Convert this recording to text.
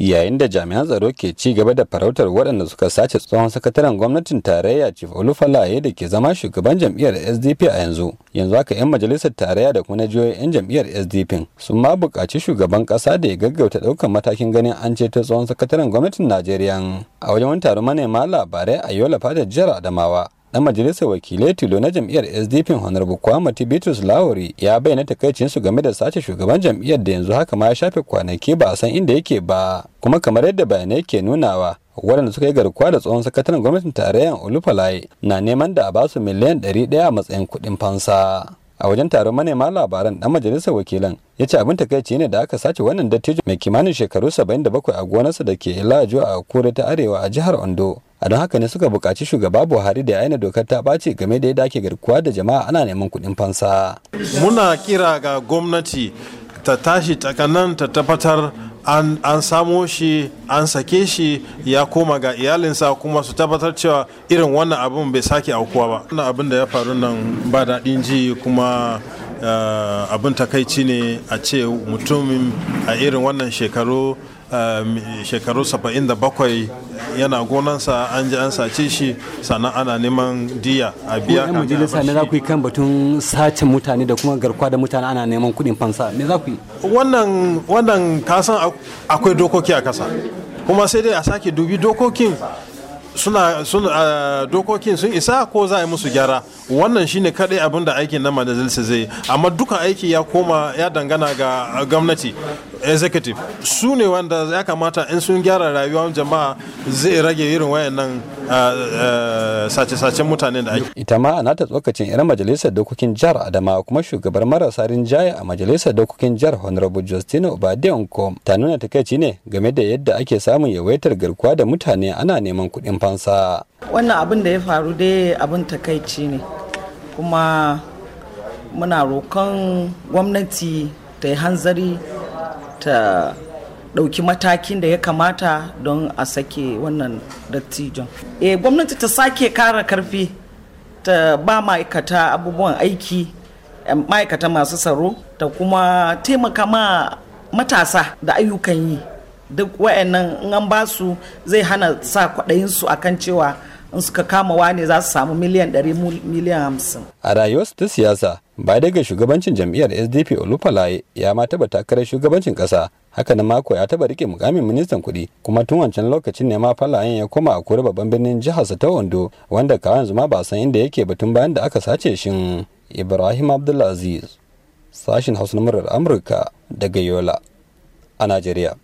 yayin da jami'an tsaro ke ci gaba da farautar waɗanda suka sace tsohon sakataren gwamnatin tarayya chief olufalaye da ke zama shugaban jam'iyyar sdp a yanzu yanzu haka 'yan majalisar tarayya da kuma jihohi 'yan jam'iyyar sdp sun ma buƙaci shugaban ƙasa da ya gaggauta ɗaukar matakin ganin an ceto tsohon sakataren gwamnatin najeriya a wajen wani taron manema labarai a yola fadar jihar adamawa dan majalisar wakilai tilo na jam'iyyar sdp honorable kwame tibetus lawuri ya bayyana takaicinsu game da sace shugaban jam'iyyar da yanzu haka ma ya shafe kwanaki ba a san inda yake ba kuma kamar yadda bayanai ke nunawa waɗanda suka yi garkuwa da tsohon sakataren gwamnatin tarayyar olufalaye na neman da a basu miliyan 100 a matsayin kuɗin fansa a wajen taron manema labaran dan majalisar wakilan ya ce abin takaici ne da aka sace wannan dattijo mai kimanin shekaru 77 a gonarsa da ke ilajo a kure ta arewa a jihar ondo a don haka ne suka buƙaci shugaba buhari da ya aina dokar ta ɓaci game da yadda ake garkuwa da jama'a ana neman kuɗin fansa muna kira ga gwamnati ta tashi takanan ta tabbatar an samo shi an sake shi ya koma ga iyalinsa kuma su tabbatar cewa irin wannan abin bai sake aukuwa ba wannan abin da ya faru nan ba daɗin ji kuma Eh, abin takaici ne a ce mutumin a irin wannan shekaru eh, shekaru 77 yana gonansa an ji an sace shi sannan ana neman diya a biya kan majalisa ne za ku yi kan batun sace mutane da kuma garkuwa da mutane ana neman kuɗin fansa ne za ku yi wannan wannan kasan akwai dokoki a kasa kuma sai dai a sake dubi dokokin suna suna dokokin sun isa ko za a yi musu gyara wannan shine kadai abin da aikin na majalisa zai amma duka aiki ya koma ya dangana ga gwamnati executive su ne wanda ya kamata in sun gyara rayuwar jama'a zai rage irin wayan nan uh, uh, sace-sacen mutane da ake. ita ma ana ta tsokacin irin majalisar dokokin jihar adama kuma shugabar marasa rinjaye a majalisar dokokin jihar honorable justina obadenko ta nuna takaici ne game da yadda ake samun yawaitar garkuwa da mutane ana neman kuɗin fansa. wannan abin da ya faru dai abin takaici ne kuma muna rokon gwamnati ta yi hanzari ta ɗauki matakin da ya kamata don a sake wannan dattijon. E, eh, gwamnati ta sake kara karfi ta ba ma'aikata abubuwan aiki eh, ma'aikata masu tsaro ta kuma taimaka ma matasa da ayyukan yi duk wa'annan in an basu, zai hana sa kwaɗayinsu akan cewa in suka kama wane za su samu miliyan 100 miliyan 50 a rayuwarsu ta siyasa ba daga shugabancin jam'iyyar sdp olufalaye ya ma taba takarar shugabancin kasa haka na mako ya taba rike mukamin ministan kuɗi kuma tun wancan lokacin ne ma falayen ya koma a kore babban birnin jihar ta ondo wanda kawai yanzu ma ba san inda yake batun bayan da aka sace shin ibrahim abdulaziz sashin hausa na murar amurka daga yola a najeriya